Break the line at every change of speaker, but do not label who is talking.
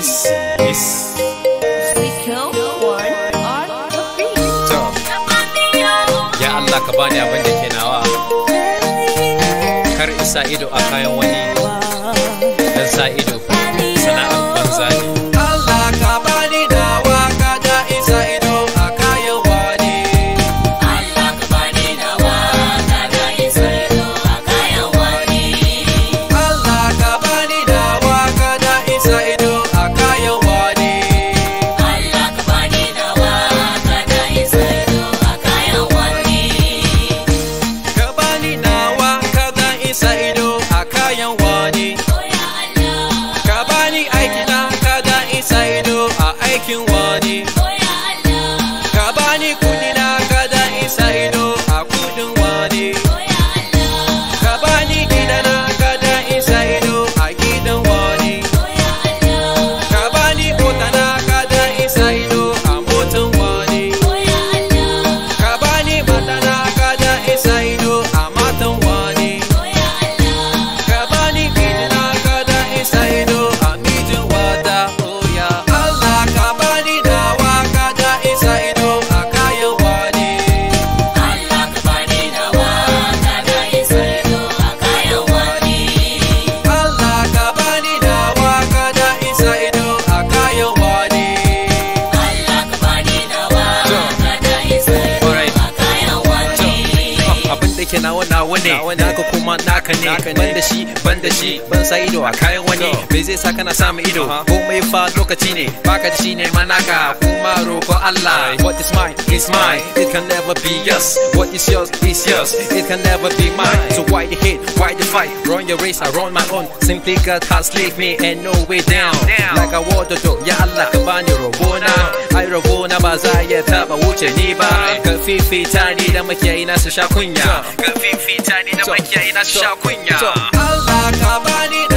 This Ya Allah ka bani abin da ke nawa. Kar isa ido a kayan wani. Dan sa ido sana'ar banza ne. da nawa nawa ne naka kuma naka ne ban da shi ban da shi ban sa ido a kayan wani me zai sa kana samun ido komai fa lokaci ne baka da shi ne ma naka kuma roƙo Allah what is mine is mine it can never be yours what is yours is yours it can never be mine so why the hate why the fight run your race I run my own simply God has left me and no way down like a water dog ya Allah ka bani robo na ai robo na ba za ya taba wuce ni ba ka fifita ni da makiyayi na su sha kunya ka fifita ni da makiyayi na su sha kunya
Allah ka bani